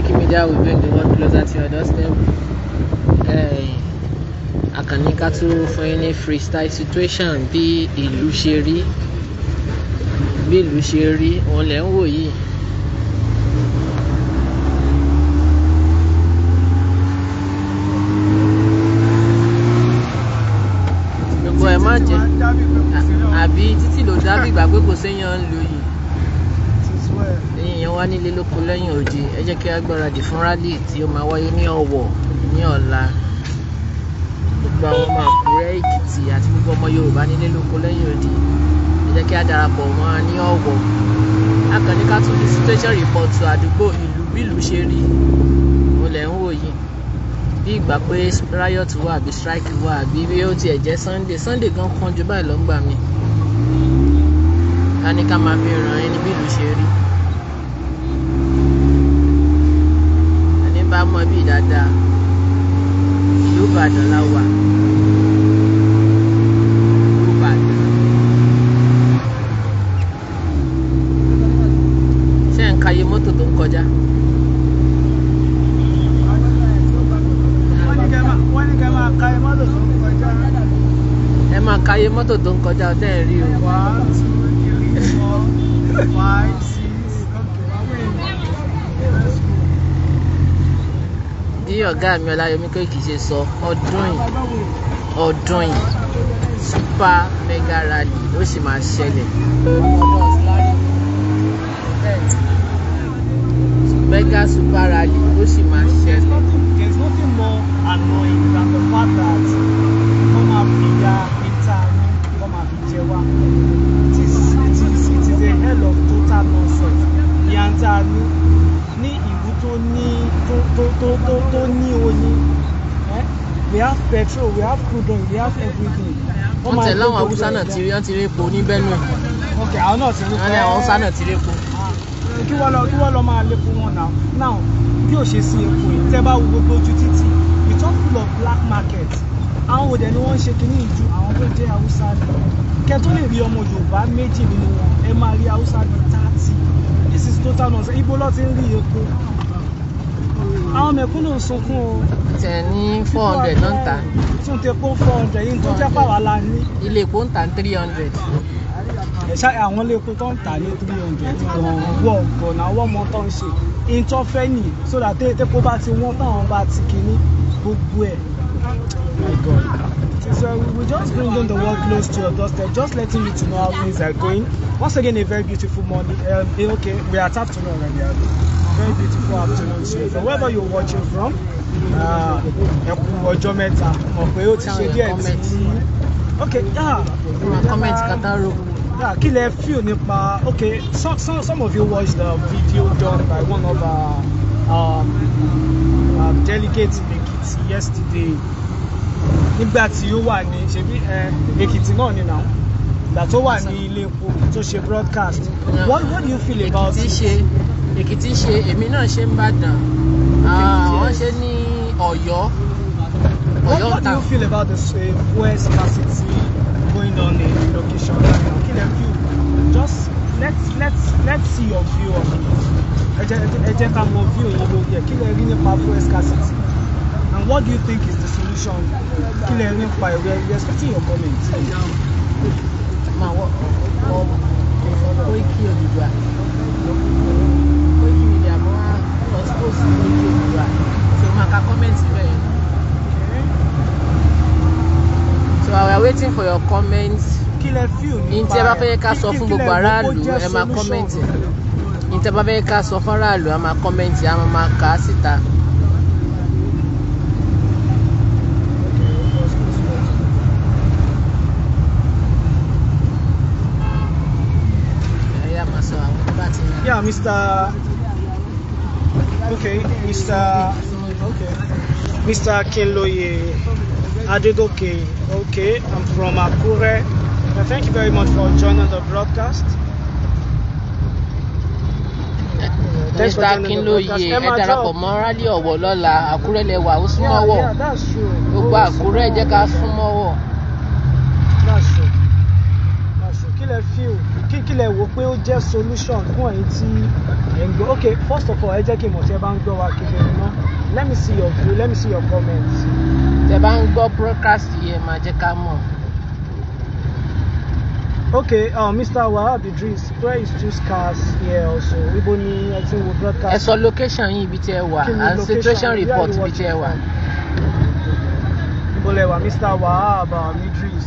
Koiki Media will bring the world closer to your doorstep. Àkànní ká tún for any freestyle situation Be ìlú be rí Only we. ṣe rí òun lẹ̀ ń wò yìí. gbogbo ẹ̀ má jẹ́ àbí lu wá nílé lóko lẹ́yìn òde ẹ jẹ́ kí a gbáradì fún rálì tí ó máa wáyé ní ọ̀wọ̀ ní ọ̀la gbogbo àwọn ọmọ àkúrẹ́ èkìtì àti gbogbo ọmọ yorùbá nílé lóko lẹ́yìn òde ẹ jẹ́ kí a darapọ̀ mọ́ ní ọ̀wọ̀ akànní ká tún ní situation report àdúgbò ìlú bí ìlú ṣe rí mo lẹ̀ ń wò yìí bí ìgbà pé riot wà àbí strike wà àbí bí ó tiẹ̀ jẹ́ sunday sunday gan kan ju báyìí lọ́ngbà mi ká ní ká máa fi ràn ẹni bí ìlú ṣe rí. bá mọ bí dáadáa ìlú Ìbàdàn la wà. ṣé ń ka iye mọ́tò tó ń kọjá. ẹ máa ka iye mọ́tò tó ń kọjá ọtẹ́ ẹ̀ o. one two three four five. bí ọ̀gá mi ọláyọmí kéèkì ṣe sọ ọdún yìí ọdún yìí super mega rally ló sì máa ṣẹlẹ̀ mega super rally ló sì máa ṣẹlẹ̀. petrol we have crude oil we have everything. wọ́n tẹ̀lé àwọn haúsá náà ti rí wọ́n ti rí epo ní Benue. ok àwọn náà ti rí epo. wọ́n ní àwọn haúsá náà ti rí epo. Eh, kí wọ́n lọ kí wọ́n lọ máa lépo wọn náà now bí ò ṣe sí epo yìí tẹ́ bá wo gbogbo ojú títì it's all full of black market àwọn òde ni wọ́n ń ṣe kínní ìju àwọn tó jẹ́ haúsá ni kẹ́ tó lè rí ọmọ Yorùbá méjì nínú wọn ẹ máa rí haúsá bíi thirty this is total nonsense ibo lọ́ọ́ ti ń rí epo àwọn mẹ̀kúnnù ń sunkún o. tẹ̀ ní four hundred náà ń ta. tún tẹ kó four hundred yìí tó jẹ́ pàwọ́ la ní. ilé epo ń ta three hundred. ẹ̀ṣá àwọn ilé epo tó ń tà ní three hundred gan-an wọ̀ gọ̀nà tó ń ṣe ìtọ́ fẹ́ nì sódà tẹ́kọ́ bá ti wọ́n táwọn bá ti kíní gbogbo ẹ̀. so we just bringing the world close to your doorstep just letting you to know how things are going once again a very beautiful morning um, okay we are tapped to know already very beautiful afternoon to you from wherever you're watching from uh, ẹ kú ọjọ́ mẹ́ta mọ̀ pé ó ti ṣe díẹ̀ tí ok yeah. comment kataro. Yeah, kí lẹ feel nípa okay some some some of you watched the video done by one of our um, um, delegates in Ekiti yesterday nígbà tí ó wà ní ṣebí Ekiti náà ni now ìgbà tó wà ní ilé epo tó ṣe broadcast what what do you feel about it èkìtì ṣe èmi náà ṣe ń bàdàn àwọn ṣe ní ọ̀yọ́ ọ̀yọ́ ta. What do you feel about the fuel scarcity going on in relocation right now? kí lè feel just let's let's let's see your view of it ẹ jẹ́ ká mọ view yẹn lórí ẹ̀ kí lè rí nípa fuel scarcity and what do you think is the solution kí lè rí nípa ìwé we expecting your comment. Màá wọ ọ̀pọ̀ Koiki Odùduwà. so máa ka we are waiting for your comments. kí lẹ fíò nípa ẹ̀ ní tí ẹ bá fẹ́ ká sọ fún gbogbo aráàlú ẹ máa comment ẹ̀ ẹ bá fẹ́ ká sọ fún aráàlú ẹ máa comment ẹ̀ máa kà á síta. Yeah, Mr. Okay, Mr. Okay. Mr. Akinloye Adegoke. Okay, I'm from Akure. Now, uh, thank you very much for joining the broadcast. Mr. Akinloye ẹ darapọ̀ mọ́ rálí Ọ̀wọ̀ lọ́la Àkúrẹ́ lẹ́wà ó súnmọ́ wọ̀ gbogbo Àkúrẹ́ jẹ́ ká súnmọ́ That's true. That's true. Kí lẹ kí wò pé ó jẹ́ solution fún ẹ̀yin tí ẹ̀ ń gbọ́ ok first of all ẹ jẹ́ kí n mọ̀ tí ẹ bá ń gbọ́ wa kedere mọ́ let me see your view let me see your comment. tẹ bá ń gbọ́ broadcast yìí ẹ máa jẹ́ ká mọ̀. ok uh, Mr. Wahab Idris prayer is two scars here also ibo ni ẹ ti ń wo broadcast. ẹ sọ location yín ibi tí ẹ wà and situation report ibi tí ẹ wà. ibo lẹ wà Mr. Wahab Idris.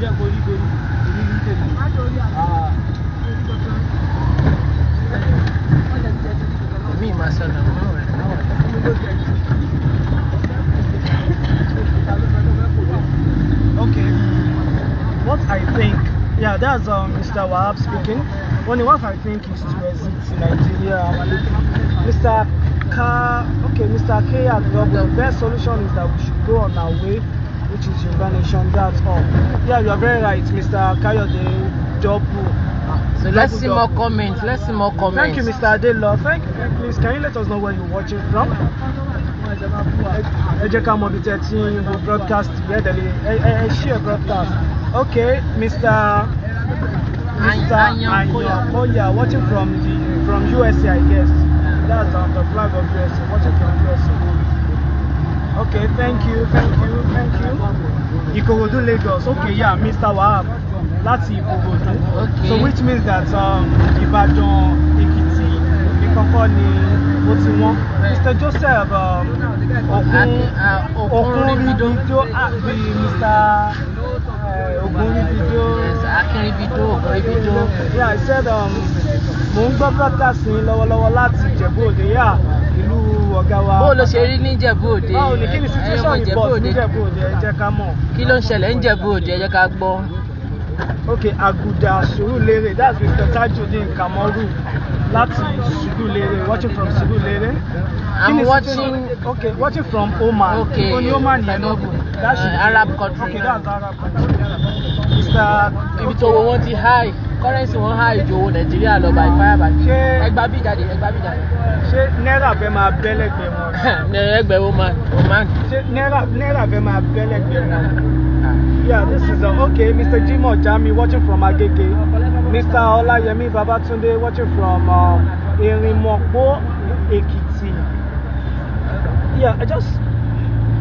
Ah. Okay. What I think, yeah, that's um, Mr. Wahab speaking. Only what I think is to exit Nigeria. Mr. K, okay, Mr. K, the best solution is that we should go on our way which is Yoruba that's all. Yeah, you are very right, Mr. Kayode Jobu. Ah, so let's see more comments. Let's see more comments. Thank you, Mr. Adelo. Thank you. Eh, please, can you let us know where you're watching from? Ẹ jẹ́ ká broadcast together. Ẹ ṣe broadcast. Okay, Mr. Mr. Anyankoya, watching from the from USA, I guess. That's on the flag of USA. Watching from USA. Okay, thank you, thank you, thank you. Ikorodu, Lagos. Okay, yeah, Mr. Wahab. Láti Ikorodu. Okay. So which means that um, Ibadan, Ekiti, Ikoko ni ó ti wọ́n. Mr. Joseph um, Okun Okunribido àti Mr. Ogunribido. Akinribido, Ogunribido. Yeah, I said, um, mo ń gbọ́ broadcast yín lọ́wọ́lọ́wọ́ láti Ìjẹ̀bú Òde, yeah, ìlú ọ̀gá wa. bó ló ṣe rí ní Ìjẹ̀bú Òde ẹ̀yọ́ mọ̀ Ìjẹ̀bú Òde kí ló ń ṣẹlẹ̀ ní Ìjẹ̀bú Òde ẹ jẹ́ ká gbọ́ okay Aguda Surulere that's Mr. Tajudeen Kamoru láti Surulere watching from Surulere. I'm watching. Okay, watching from Oman. Okay. Only Oman is That's uh, Arab country. Okay, that's Arab country. Mr. Ibi tó wo high currency wọn high ju Nigeria lọ by fire by. Ṣé ẹgbà bí jáde ẹgbà bí jáde. Ṣé náírà fẹ́ máa bẹ́lẹ̀gbẹ̀ wọn? Ẹgbẹ̀rún Oman. Ṣé náírà fẹ́ máa bẹ́lẹ̀gbẹ̀ wọn? Yeah, this is a, uh, okay. Mr. Jimo Jami watching from Agege. Mr. Olayemi Babatunde watching from uh, Irimokbo, Ekiti. Yeah, I just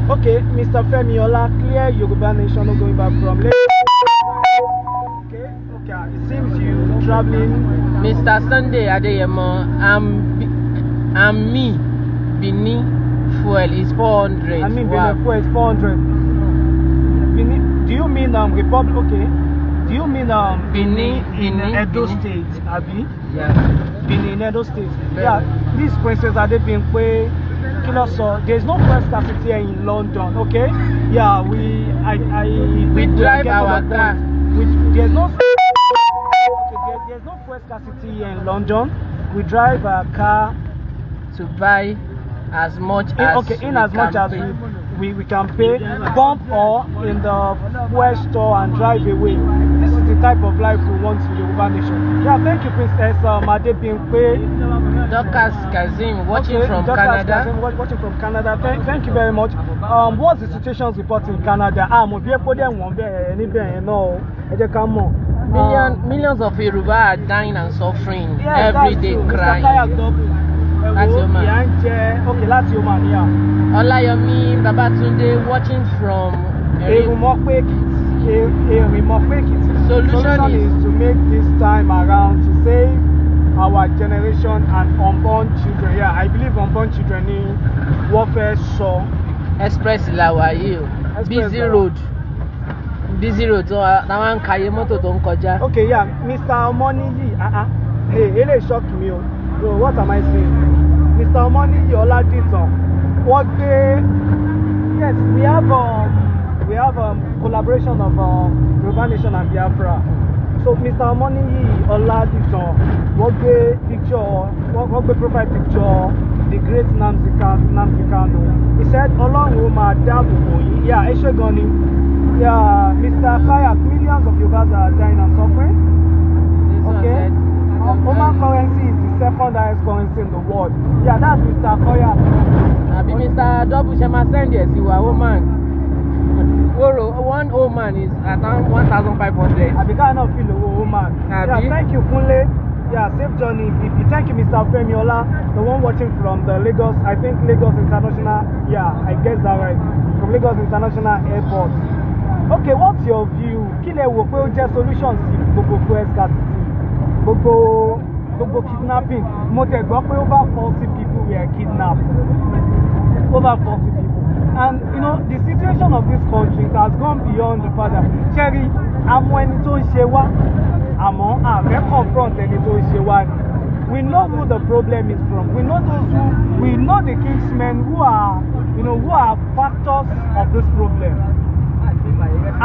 okay. Mr. Femi Ola, clear Yoruba Nation, not going back from. okay, okay. Ah, it seems you traveling. Mr. Sunday Adeyemo, I'm I'm me. Bini fuel is 400. I mean, wow. Bini fuel is 400 you mean um, Republic? Okay. Do you mean um, Benin, in Edo State, Abi? Yeah. Benin in Edo State. Yeah. yeah. These questions are they being played? You know, so there's no press cafeteria here in London. Okay. Yeah. We I I we drive our car. We, there's no. Okay, there's no fuel scarcity in London. We drive our car to buy as much in, as okay in as much as we we, we can pay, bump or in the fuel store and drive away. This is the type of life we want in Yoruba nation. Yeah, thank you, Princess um, Adebimpe. Dorcas Kazim, watching okay, from Dr. Canada. Kazim, watching from Canada. Thank, thank you very much. Um, what's the situation report in Canada? Ah, mo bí epo dẹ̀ wọ́n bẹ́ẹ̀ ẹni bẹ́ẹ̀ náà ẹ jẹ́ ká mọ̀. Million, um, millions of Yoruba are dying and suffering yes, every day true. crying láti Oman. ìyá ń jẹ ok láti Oman ni à. Ọláyọmí Babátúndé watching from. Èrìmọ́pé Èkìtì. Èrìmọ́pé Èkìtì. Solution is to make this time around to save our generation and unborn children yeah I believe unborn children ni wọ́n sọ. express la wà o busy road busy road tó àwọn ń kàyé mọ́tò tó ń kọjá. ok yeah Mr. Omoniyi ah ah hey eléyìí ṣọ́ọ̀kì me. o. So what am I saying? Mr. Omoniyi Oladitan, wọ́n gbé yes we have um, we have um, collaboration of um, Yoruba Nation and Biafra. So Mr. Omoniyi Oladitan, wọ́n gbé picture wọ́n gbé profile picture the great Nnamdi Nnamdi Kanu. He said Ọlọ́run ó máa dáàbò bò yín. Yà ẹ ṣe gan ni. Yà Mr. Kayak millions of Yorubas are dying and suffering. Okay, Oman oh, oh, currency is second highest currency in the world. Yeah, that's Mr. Koya. Abi Mr. Double Shema send yes, you are woman. Oro, one old oh man is around 1,500. Abi kind of feel old man. Abi. Yeah, thank you, Kunle. Yeah, safe journey. Bibi. Thank you, Mr. Femiola, the one watching from the Lagos, I think Lagos International. Yeah, I guess that right. From Lagos International Airport. Okay, what's your view? Kí lẹ wò pé ó solution sí gbogbo fuel scarcity? Gbogbo gbogbo kidnapping mo tẹ̀ gbọ́ pé over forty people were kidnapped over forty people and you know the situation of this country has gone beyond the fact that ṣẹ́rí àwọn ẹni tó ń ṣe wá àmọ́ àfẹ́ confront ẹni tó ń ṣe wá ni we know who the problem is from we know those who we know the kingsmen who are you know who are factors of this problem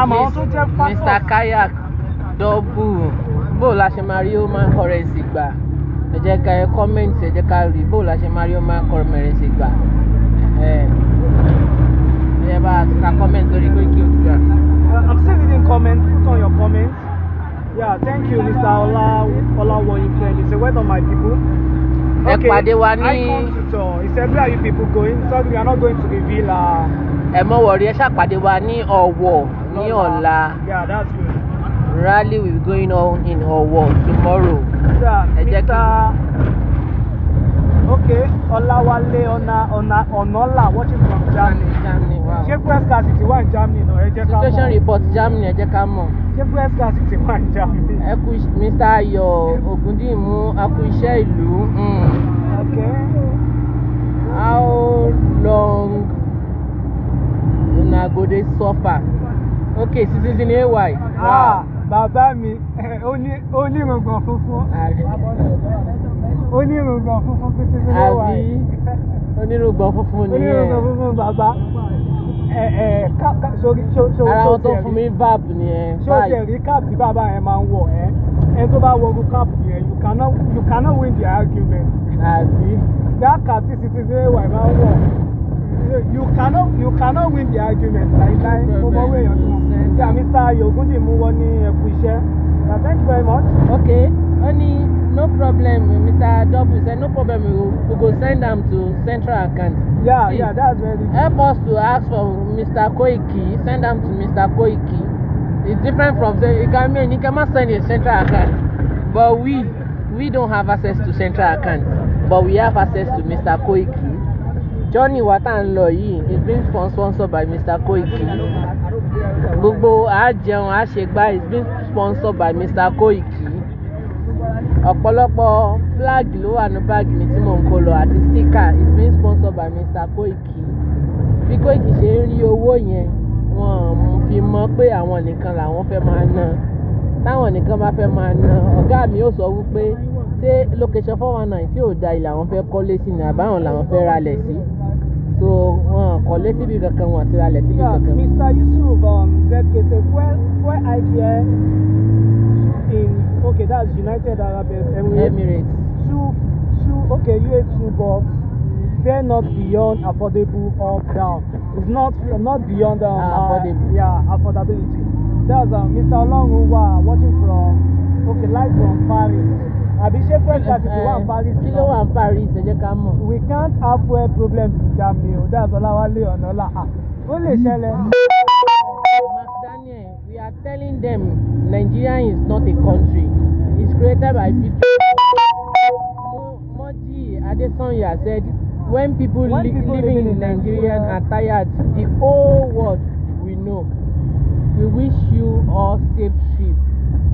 àmọ́ àwọn tó jẹ́ factors. Mr. Kayak double bóò la ṣe máa rí human currency gbà ẹ jẹ́ ká ẹ comment ẹ jẹ́ ká rí bóò la ṣe máa rí human currency gbà ẹ ẹ bá ta comment lórí quick you gbà. Uh, I'm still reading comments put on your comments. Yeah, thank you Mr. Ola Olawoyin friend it's a word on my people. ẹ I come to tour he said where are you people going sorry we are not going to the villa. ẹ mọ wọrí ẹ ṣàpàdé wa ní Ọ̀wọ̀ ní ọ̀la. Yeah, that's good rally will be going on in our world tomorrow. ẹ jẹ́ kí. okay ọláwálé ona ọ̀nà ọ̀nàlà watching from germany ṣé press card ti wà ní germany No. ẹ jẹ́ situation report germany ẹ jẹ́ ká mọ̀ ṣé press germany. Eku. kú mr ayọ̀ ògúndìmú a kú iṣẹ́ mm. Okay. how long una go dey suffer okay citizen ay. Ah. Wow. Ah bàbá mi onírùngbọ̀n funfun onírùngbọ̀n funfun títí tí wọ́n wà yìí onírùngbọ̀n funfun nìyẹn onírùngbọ̀n funfun bàbá ẹ ẹ ká ká sórí sórí ara wọn tó fún mi báàbù nìyẹn báyìí ṣó ṣe rí káàpù tí bàbá yẹn máa ń wọ ẹ ẹ tó bá wọ ọdún káàpù yẹn you cannot you cannot win the argument àbí that káàpù títí tí wọ́n wà yìí máa ń wọ you cannot you cannot win the argument láìláì mo mọ owó èèyàn tó ṣe àmì sáà yòókùndì mú wọn na thank you very much. okay honey no problem mr double say no problem we go, go send am to central account. yeah See, yeah that's very good. help us to ask for mr koiki send am to mr koiki e different from say ikame enikema send a central account but we we don't have access to central account but we have access to mr koiki journey wa tá à ń lọ yìí is being sponsored by Mr. Koiki gbogbo àjẹun àṣegbá is being sponsored by Mr. Koiki ọ̀pọ̀lọpọ̀ flag ló wà ní báàgì mi tí mò ń kó lọ àti sticker is being sponsored by Mr. Koiki bí Koiki ṣe ń rí owó yẹn wọn fi mọ̀ pé àwọn nìkan làwọn fẹ́ máa ná táwọn nìkan bá fẹ́ máa ná ọ̀gá mi ó sọ wípé ṣé location four one nine tí ò da ilẹ̀ àwọn fẹ́ kọ́lé sí ni àbáwọn làwọn fẹ́ ralẹ̀ sí. Si so wọn kọ́lé síbi kankan wọn àti alẹ̀ síbi kankan. Mr. Yusuf um, zk say fuel fuel ikea in okay that's United Arab Emirates, Emirates. two two okay UA two but fare not beyond affordable up down it's not not beyond um, ah, uh, affordable uh, yeah affordability that's uh, Mr. Olorunwa watching from okay live from Paris àbí ṣé french eh, classic wà eh, ní paris náà kí ló wà ní paris ẹ ká mọ̀. we can't have fuel problems with germany o that's ọláwálé ọ̀nàlá ah, ó lè ṣẹlẹ̀. daniel we are telling them nigeria is not a country it's created by people. moji adesanya said when people, when li people living in nigeria are tired the whole world will know we wish you all safe trip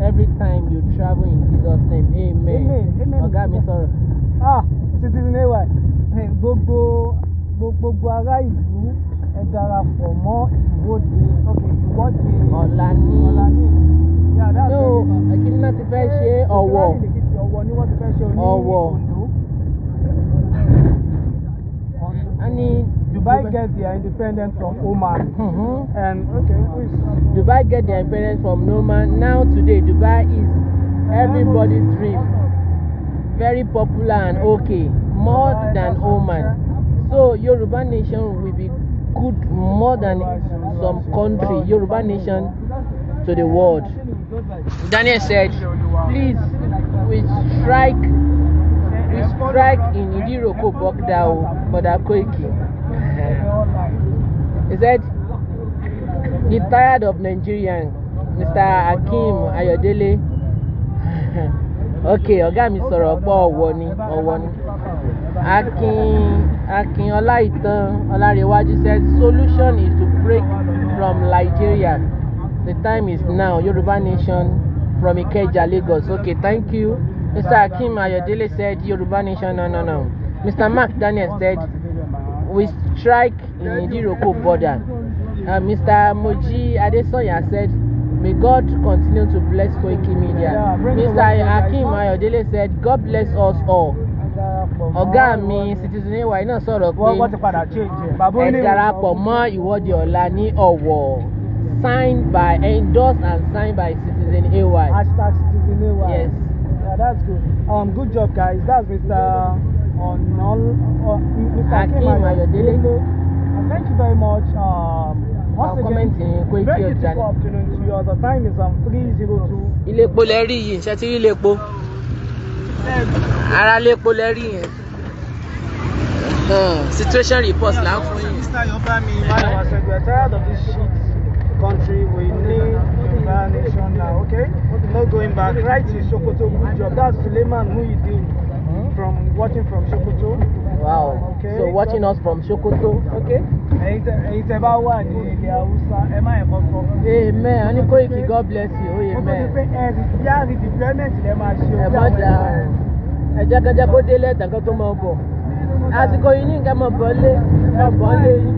every time you travel in nigeria. gbogbo ará ìlú ẹ darapọ̀ mọ́ ìwọ́de okay ìwọ́de ọ̀la ní ọ̀la ní kíni náà ti fẹ́ ṣe ọ̀wọ̀ ọ̀wọ̀ ni Dubai get their independence from Oman mm-hmm. and okay Dubai get their independence from Oman now today Dubai is everybody's dream very popular and okay more than Oman. So Yoruba nation will be good more than some country. Yoruba nation to the world. Daniel said, please, we strike, we strike in Idiroko Bogdao Bodakoiki. he said, he tired of Nigerian, Mr. Akim Ayodele. okay, ọ̀gá mi sọ̀rọ̀ pọ̀ ọ̀wọ́ ni, ọ̀wọ́ ni akin akin ọláìtàn ọlárẹwájú says solution is to break from Nigeria the time is now Yoruba nation from Ikeja Lagos okay thank you Mr Akim Ayodele said Yoruba nation no no no Mr Mark Daniel said we strike in Idiroko border uh, Mr Moji Adesanya said May God continue to bless Koiki Media. Mr. Akim Ayodele said, God bless us all ọ̀gá mi citizen ewa iná sọ̀rọ̀ pé ẹ darapọ̀ mọ́ ìwọ́de ọ̀la ní ọ̀wọ̀ signed by endorsed and signed by citizen ay. hashtag citizen ay. yes. Yeah, that's good. Um, good job guys. That's Mr. Onol uh, Mr. Akim Ayodele. Thank you very much. Um, once again, very beautiful afternoon to you. The time is um, 302. Ilé epo lẹ rí yìí, ṣe ti rí ilé ara lẹ́pọ̀ lẹ́rí yẹn hmm, situation report là ń fún yín. country. We need Yoruba nation now, okay? not going back. Right to Sokoto, good job. That's Suleiman Muhyiddin from watching from Sokoto. Wow. Okay. So watching us from Sokoto. Okay èyí tẹ bá wà ní ilẹ̀ haúsá ẹ má ẹ̀kọ́ sọ. amen ọní Koiki god bless you ó yẹ mẹ́ẹ̀. ó pé ẹ̀rì rí deployment lẹ máa ṣe ojú àwọn ẹ̀rọ. ẹ má dà kó dé lẹ́tàn kó tó máa bọ̀ àsìkò yìí ní nǹkan mọ̀ bọ́ lé mọ̀ bọ́ lé yìí.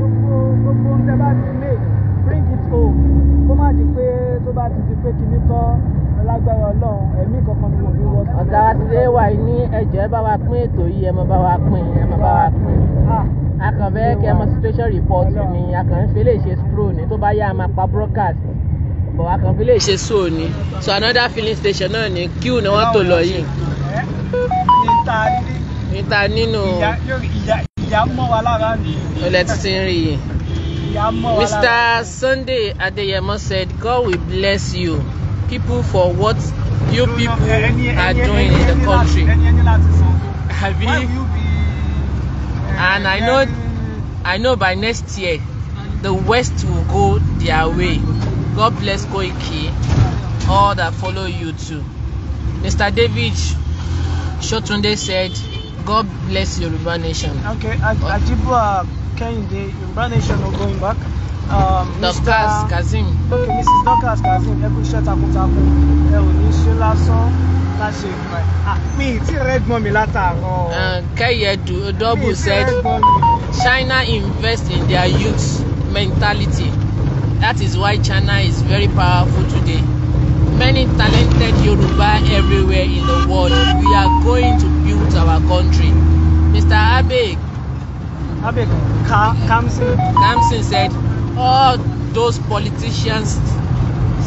gbogbo ń bá ti lè bring it home kó má di pé tó bá ti di pé kìíní tán lágbára ọlọ́run ẹ̀mí kankan ni mo fi wọ́ ọ̀tá wa ti lé wa ní ẹ̀jọ̀ bá wa pín ètò yìí ẹ a kàn fẹ́ kẹ́ mọ situation report ni a fi lè ṣe stroll ni tó bá yá a máa pa broadcast bọ̀ a fi lè ṣe so ni so another filling station náà ni queue ni wọ́n tò lọ yìí. níta nínú. níta nínú. ìyá mọ́ wa lára ni. olè tuntun rí i. ìyá mọ́ wa lára. Mr. Sunday Adeyemo said God will bless you people for what you people are doing in the country. Have you?" Eh, and I know I know by next year the West will go their way. God bless Koike. all that follow you too. Mr. David Shotunde said, God bless your Yoruba Nation. Okay, Ajibu uh, Kehinde, Yoruba Nation are going back. Um, Dr. Kazim. Okay, Mrs. Dr. Kazim, ẹ kú iṣẹ́ takuntakun, ẹ ò ní ká ṣe nǹkan ẹ̀ mi double said China invest in their youth mentality that is why China is very powerful today many talented Yoruba everywhere in the world we are going to build our country Mr. Abeg Abeg Ka Kamsin Kamsin said all those politicians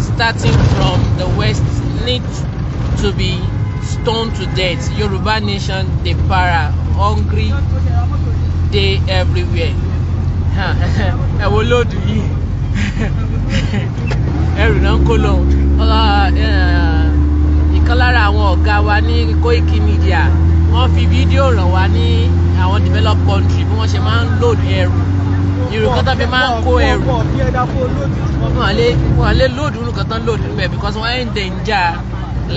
starting from the West need to to be stoned to death Yorùbá nation dey para hungry dey everywhere ẹ wo lóòdù yìí ẹrù náà ń kó lọ ìkan lára àwọn ọ̀gá wa ní Koiki Media wọ́n fi fídíò ràn wá ní àwọn develop country bí wọ́n ṣe máa ń lóòdù ẹrù irun kan tó fi máa ń kó ẹrù wọn lè lóòdù nǹkan tán lóòdù níbẹ̀ because wọ́n ń dẹ̀ ń jà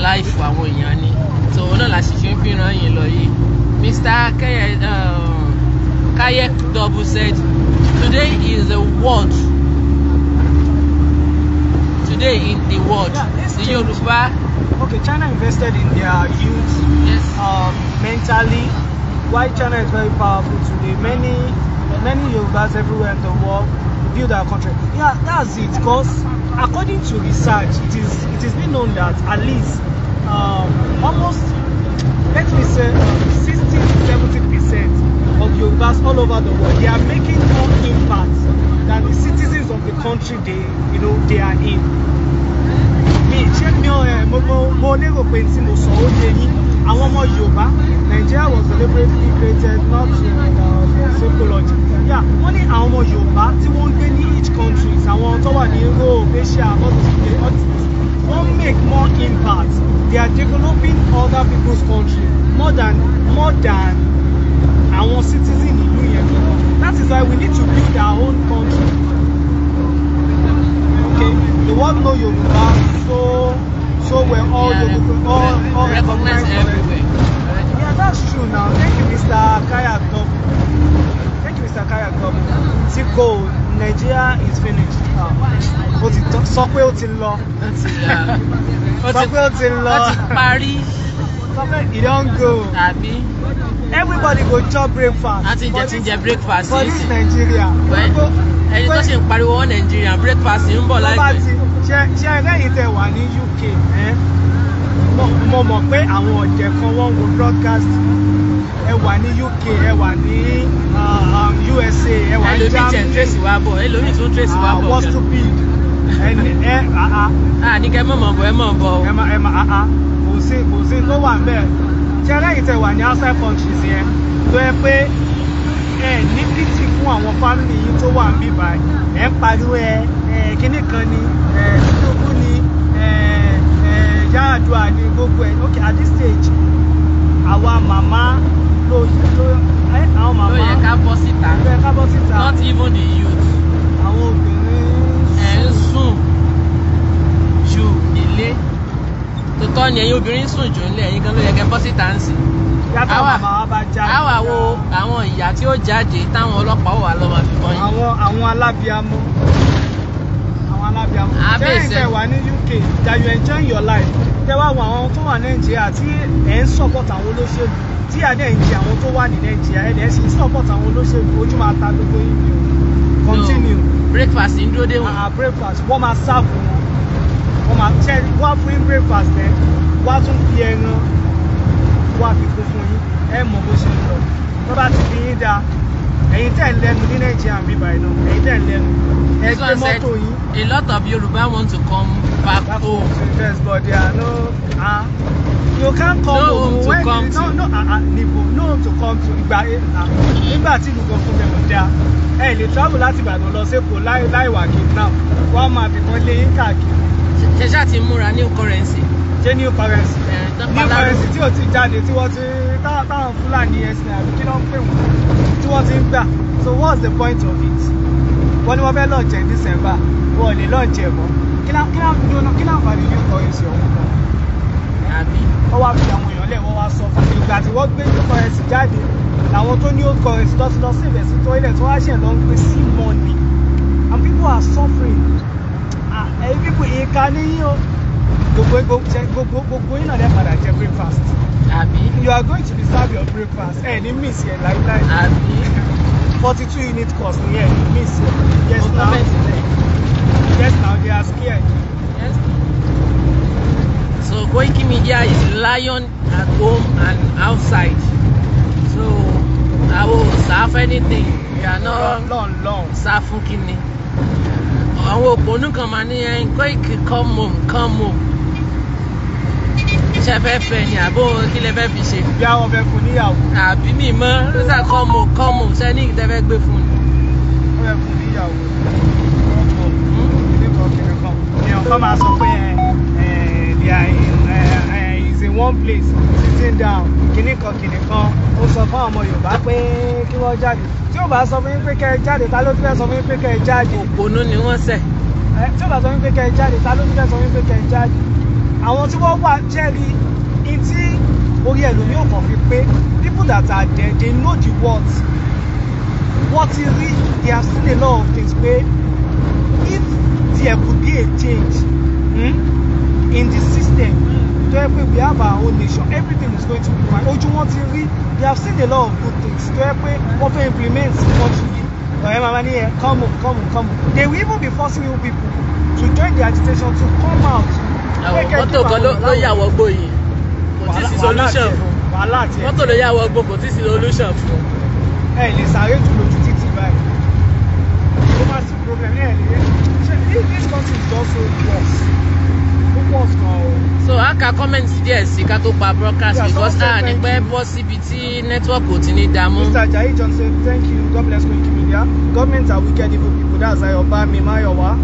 láìfù àwọn èèyàn ni tó náà la sì fi ń fìràn yín lọ yìí Mr. Kayek um, Kayek Double said today is the world today in the world yeah, the Yoruba. Okay, China invested in their youth yes. um, mentally. Why China is very powerful today. Many many Yorubas everywhere in the world build our country. Yeah, that's it. Cause according to research, it is it is been known that at least um, almost let me say 60 um, to 70 percent of Yorubas all over the world they are making more impact than the citizens of the country they you know they are in. mi ṣé mi ọ ẹ eh, mo mo mo lérò pé tí mo sọ ó yé yín àwọn ọmọ Yorùbá Nigeria was deliberately created not to uh, so called yeah wọ́n ní àwọn ọmọ Yorùbá tí wọ́n. they are developing other people's country more than more than our citizen ìlú union. that is why we need to build our own country okay the world know Yoruba so so well all yeah, Yoruba all all recognize everywhere yeah that's true now thank you Mr. Kaya Tobu thank you Mr. Kaya Tobu ti go. Nigeria is finished. o ti sọ pé o ti lọ. sọ pé o ti lọ. o parí. sọ pé you don go. tàbí. everybody go chop breakfast. a ti jẹ ti breakfast yìí. for this Nigeria. ẹni tó ṣe ń pariwo wọn Nigeria breakfast ń bọ̀ láìpẹ́. ṣe ṣe ẹgbẹ́ yìí tẹ̀ wá ní UK. mo mọ̀ pé àwọn ọ̀jẹ̀ kan wọ́n wo broadcast ẹ wà ní UK ẹ wà ẹlòmíì tẹ̀ ń tírèsì wá bọ̀ tún tírèsì wá ah, bọ̀ gan. Eh, eh, ah, ah. ẹni ẹ àá. àní kẹ́ mọ̀ bọ̀ ẹ mọ̀ bọ̀ ẹ ma ẹ ma àá kò sí kò sí tó wà bẹ́ẹ̀ ṣe lẹ́yìn tẹ wà ní outside countries yẹn tó yẹ pé ẹ ní pìtì fún àwọn fámìlì yìí tó wà ń bí báyìí ẹ ń pariwo ẹ ẹ kíní kan ni ẹ kúkú ni ẹ ẹ yáàdúrà ni gbogbo ẹ ok at this stage àwa màmá ló ló àwọn màmá ló yẹ ká síta ló yẹ ká síta not even the youth àwọn obìnrin ẹ̀ ń sùn ju ilé tòótọ́ ni ẹ̀yin obìnrin sùn jù nílẹ̀ ẹ̀yin gan ló yẹ kẹ́ bọ́ síta ń sìn yàtọ̀ màmá bá jáde àwa wo àwọn ìyá tí ó jáde táwọn ọlọ́pàá wà lọ́wọ́ fi kọ́ àwọn àwọn alábíamọ àwọn alábíamọ sẹ́yìn tẹ̀ wá ní UK that you enjoy your life tẹ́wá wo àwọn tó wà nàìjíríà tí ẹ̀ ń support àwọn olóṣèlú tí a dẹ̀ ń jẹ àwọn tó wà ní nàìjíríà ẹ̀ dẹ̀ sì àwọn olóṣèlú ojú máa ta gbogbo yín ni o continue. breakfast ń dúró dé wọn. ah breakfast wọ́n máa serve wọn wọ́n máa tẹ́ wá fún breakfast ẹ̀ wá tún fi ẹran wá fi kún fún yín ẹ̀ mọ̀ bó ṣe lọ tó ti fi yín dáa ẹ̀yin tẹ̀ ń ní nàìjíríà bí báyìí náà ẹ̀yin tẹ̀ ń lẹ́nu ẹ gbé a lot of Yoruba want to come back, back home. home yes but they are no ah uh, you can't come no home, to when come you, no no ah ah nibo no home to come to ìgbà eh, ah, nígbà tí ìlú kan fún mi ò dáa ẹ lè travel láti Ìbàdàn lọ sẹ́kọ̀ọ́ láìwà kidnap wọ́n á máa bìkan lé yín káàkiri. ṣe ṣáà ti múra new currency. ṣé new currency. Eh, new currency tí o ti jáde tí wọ́n ti táwọn fúlàní ẹ̀sìn àbí kí wọ́n pè wọ́n tí wọ́n ti ń gbà so what's the point of it wọ́n ní wọ́n fẹ́ lọ́ọ̀jẹ̀ ní december wọ́n lè lọ́ọ̀jẹ̀ mọ́ kí láǹfààní yóò kọ́ ẹ̀sìn ọ̀hún kan àbí wọ́n wá fi àwọn èèyàn lẹ̀ wọ́n wá sọ fún mi ìgbà tí wọ́n gbé orúkọ rẹ̀ jáde làwọn tó ní orúkọ rẹ̀ lọ́sí lọ́sí sí toilet tó wá ṣẹ̀ lọ ń pè sí mọ́ni and people are suffering ah, ẹ̀yin people ìka níyìn o gbogbo gbogbo gbogbo yín náà lẹ́ padà jẹ breakfast. Abi. You are going to be served your breakfast. Ẹ eh, ní miss yẹn láíláí. Abi. Forty two unit cost ni ẹ eh, ní miss yẹn. Yes now. Yes now they are scared. Yes. So Koiki Media is lion at home and outside. So I will serve anything. We no, not. Long long. Serve fún kini. Àwọn òpònú kan máa ní ẹ̀ eh, Koiki come home come home ṣe fẹ́ fẹ́ ni àbó kí fẹ́ fi ṣe. ìyá wọn fẹ́ fún níyàwó. àbí mi mọ ṣe kọ́mù kọ́mù ṣe ní ìtẹ́ fẹ́ gbé fún ni. wọ́n fẹ́ fún níyàwó kọ́mù ilé kan kiri kan. èèyàn máa sọ pé eh, eh, eh, is in one place sitting down kìnnì kan kìnnì kan ó sọ fún ọmọ Yorùbá pé kí wọ́n jáde tí ò bá sọ fún yín pé kẹ́ ẹ jáde ta ló fẹ́ sọ fún yín pé kẹ́ ẹ jáde. òpònú ni wọ́n ṣẹ̀. tí ò bá sọ fún yín pé kẹ́ ẹ jáde ta ló fẹ́ sọ fún yín pé kẹ́ ẹ jáde àwọn tí wọ́n wà jẹ́rìí in tí orí ẹlòmíì kan fi pé people that are there they know the words wọ́n ti rí they have seen a lot of things pé if there could be a change hmm, in the system tó yẹ pé we have our own nation everything is going to be fine ojú wọn ti rí they have seen a lot of good things tó yẹ pé wọ́n fẹ́ implement country yìí ọ̀rẹ́ màmá ní ẹ̀ come on come on come on they will even be forcing you people to join the agitation to come out mọ́tò kan ló yàwọ gbó yìí kò tí sí solution fún mọ́tò ló yàwọ gbó kò tí sí solution fún. ẹ lè sáré jù lójú títì báyìí ó má sí problem ẹ lè ṣe this country is also worse ó worse so a ka comment díẹ̀ sí ká tó pa broadcast because a ah, ní pẹ́ bọ́ síbi tí network ò ti ní dààmú. Mr. Jai Johnson thank you God bless Koiki Media government are wicked evil people that's Ayoba Mimayowa.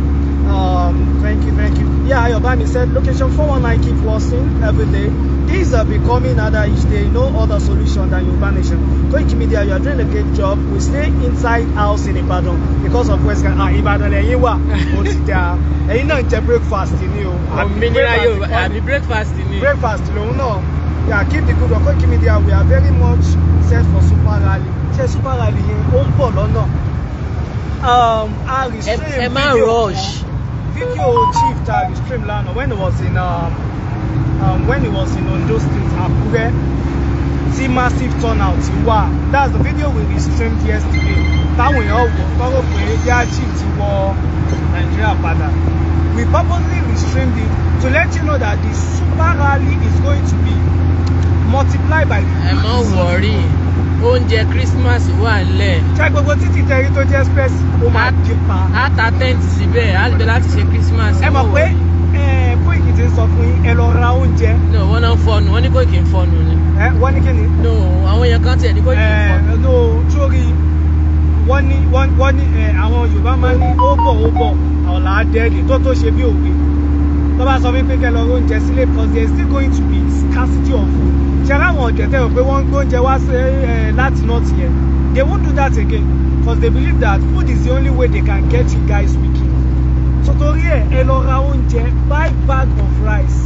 Um, thank you, thank you. Yeah, Ayobami said location 419 keep worsening every day. These are becoming other each day. No other solution than Yoruba Nation. Koiki Media, you are doing a great job. We stay inside house in Ibadan because of West Ghana. Ah, Ibadan, ẹ̀yin wà, ó ti dà. Ẹ̀yin náà jẹ breakfast ni o. Òmìnira yóò àbí breakfast ni. Breakfast lòun náà. Yeah, keep the good work. Koiki Media, we are very much set for Super Rally. Ṣé Super Rally yẹn ó ń bọ̀ lọ́nà? Um, I'll restrain video kan. Ẹ Video chief is Streamlano when it was in um, um, when he was in Ondo State, Akure, see massive turnout. Wow, that's the video we streamed yesterday. That oh, we all wò tọ́rọ̀ pé yá chief Tag Nigeria padà. We purposely restrained it to let you know that the super rally is going to be multiplied by. I'm not worried. oúnjẹ christmas wà lẹ̀. ṣé gbogbo títì tẹ̀rí tó jẹ́ express ó máa di pa. a ta tẹ́ǹtì síbẹ̀ a lè bẹ láti ṣe christmas. ẹ mọ̀ pé Koiki ti sọ fún yín ẹ lọ ra oúnjẹ. no wọn náà ń fọnù wọn ní Koiki ń fọnù ni. ẹ wọn ní kíni. no àwọn èèyàn kan tiẹ̀ ní Koiki ń fọnù. no sórí wọ́n ní wọ́n ní àwọn Yorùbá máa ní ó bọ̀ ó bọ̀ ọ̀la dẹ́ẹ̀lì tó tó ṣe bí òwe tó bá sọ fún pé kẹ́ lọ oúnjẹ sílé because there is still going to be scarcity of food ṣẹ́ra àwọn ọ̀dẹ̀tẹ̀ rò pé wọ́n ń gbóúnjẹ wá sí láti north yẹn they won't do that again because they believe that food is the only way they can get you guys weekend so torí ẹ ẹ lọ ra oúnjẹ buy bag of rice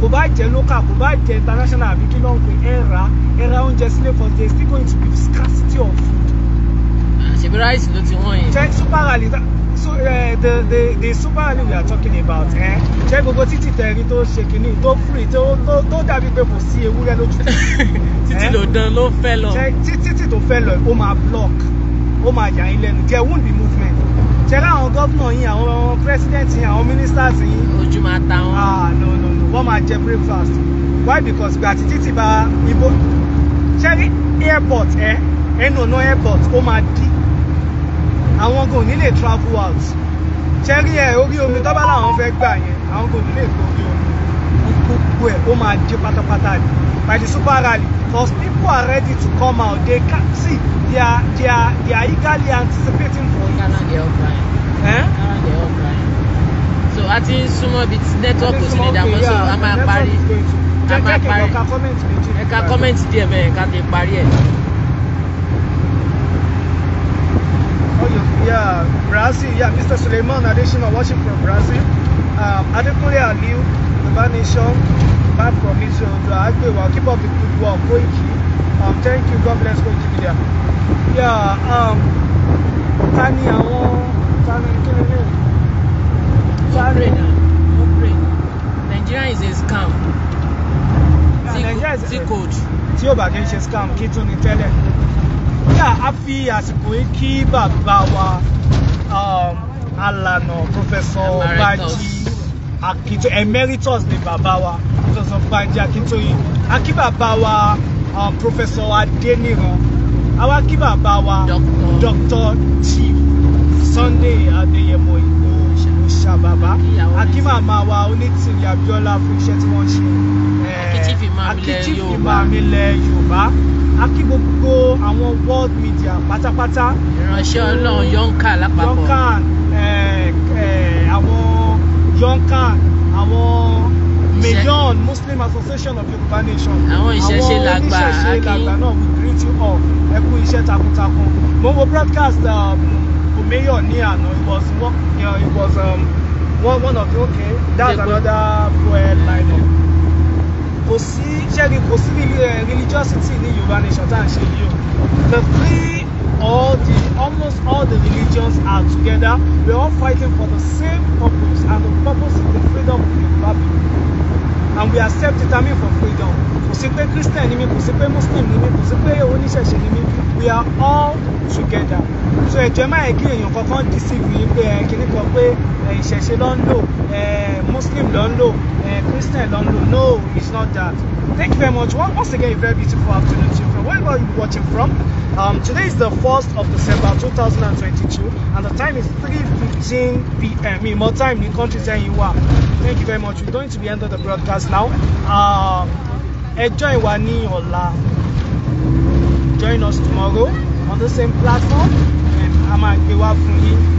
kò bá jẹ local kò bá jẹ international àbí kí ló ń pè ẹ ra ẹ ra oúnjẹ sílé for there still going to be scarcity of food. Ah, ṣèbí ráìsì ló ti wọ́n yẹn. ṣe super rally so uh, the the the super rally we are talking about eh ṣé gbogbo títì tẹ̀rí tó ṣe kínní tó free tó tó dàbí pé kò sí ewúrẹ́ lójú títì eh? ló dán ló fẹ́ lọ ṣé títì tó fẹ́ lọ ó máa block ó máa yà yín lẹ́nu there won't be movement ṣé láwọn gómìnà yín àwọn president yín àwọn ministers yín ojú máa ta wọn ah no no no wọ́n máa jẹ breakfast why because gbà titi títì bá ibo ṣé airport eh, ẹ ẹnu ọ̀nà airport ó máa dí àwọn kò ní lè travel out ṣẹ́rí ẹ̀ orí omi tọ́ba làwọn fẹ́ gbà yẹn àwọn kò ní lè gbọ́ orí omi gbogbo ẹ̀ ó máa jẹ́ pátápátá ni by the super rally because people are ready to come out they can see they are they are they are eagerly anticipating for it. Ghana dey offline. Eh? Ghana dey offline. so a ti ń súnmọ́ bíi network kò sí ní ìdààmú so a máa parí a máa parí ẹ̀ka kọ́mẹ̀ntì díẹ̀ mẹ́ẹ̀ẹ́ká ti parí ẹ̀. yeah, Brazil, yeah, Mr. Suleiman Adeshina watching from Brazil. Um, Adekunle Aliu, Yoruba Nation, back from Israel uh, to Agbewa. Keep up the good work, Koiki. Um, thank you, God bless you, Media. Yeah, um, Tani àwọn Tani Kínníní. Tani. No Nigeria is a scam. Yeah, Nigeria is a scam. Tí kò tí ò bá kí n ṣe scam, kí tún ni tẹ́lẹ̀ a fi àsìkò yìí kí bàbá wa um, alànà Professor Banji Akintoye emeritus ni bàbá wa Professor Banji Akintoye akí bàbá wa Professor Adeniran àwa kí bàbá wa Dr. Uh, Chief Sunday Adeyemo ṣàbàbà akínmàmá wa onítìrí abiola fún iṣẹ́ tí wọ́n ṣe eh, akíjìfìmàmílẹ̀ yorùbá akí gbogbo àwọn world media pátápátá ìránṣẹ́ ọlọ́run hmm. yonkan lápapọ̀ yonkan eh, eh, àwọn yonkan àwọn million muslim association of yorùbá nation àwọn ìṣẹ̀ṣe làgbà akí àwọn oníṣẹ̀ṣe làgbà náà we greet you all ẹ kú iṣẹ́ takuntakun mo wo broadcast. Um, mayor ní no, it was one you know, it was um, one one of the okay that's another fuel line up kò sí ṣẹ́ni kò sí eh, religiosity ní yorùbá nation tá à ń ṣe yìí o the three all the almost all the religions are together we are all fighting for the same purpose and the purpose is the freedom of Yorùbá people and we accept self-determined for freedom kò sí pé christian ni mi kò sí pé muslim ni mi kò sí pé oníṣẹ̀ṣe ni mi we are all together so ẹ̀jẹ̀ máa yẹ kí èèyàn kankan deceive yín pé ẹ̀ kíní kan pé ìṣẹ̀ṣe ló ń lò eh, muslim ló ń lò eh, christian ló ń lò no it's not that thank you very much once again a very beautiful afternoon to you from wherever you're watching from um, today is the 1st of december 2022 and the time is 3.15 p.m. in more time in countries than you are thank you very much we're going to be end of the broadcast now um, enjoy wa join us tomorrow on the same platform and a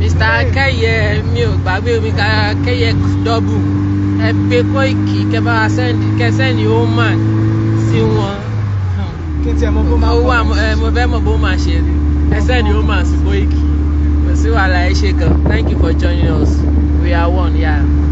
mr kẹyẹ mi ò gbàgbé mi ká kẹyẹ dọ́bù ẹ pé Kóìkì kẹ bá wa sẹ́ndì kẹ sẹ́ndì ó mà sí wọn. kí n tiẹ̀ mo bó máa kọ́ owó mo fẹ́ mọ̀ bó máa ṣe rí ẹ sẹ́ndì ó mà sí kò sí wàhálà ẹ ṣe gan thank you for joining us we are one yàrá. Yeah.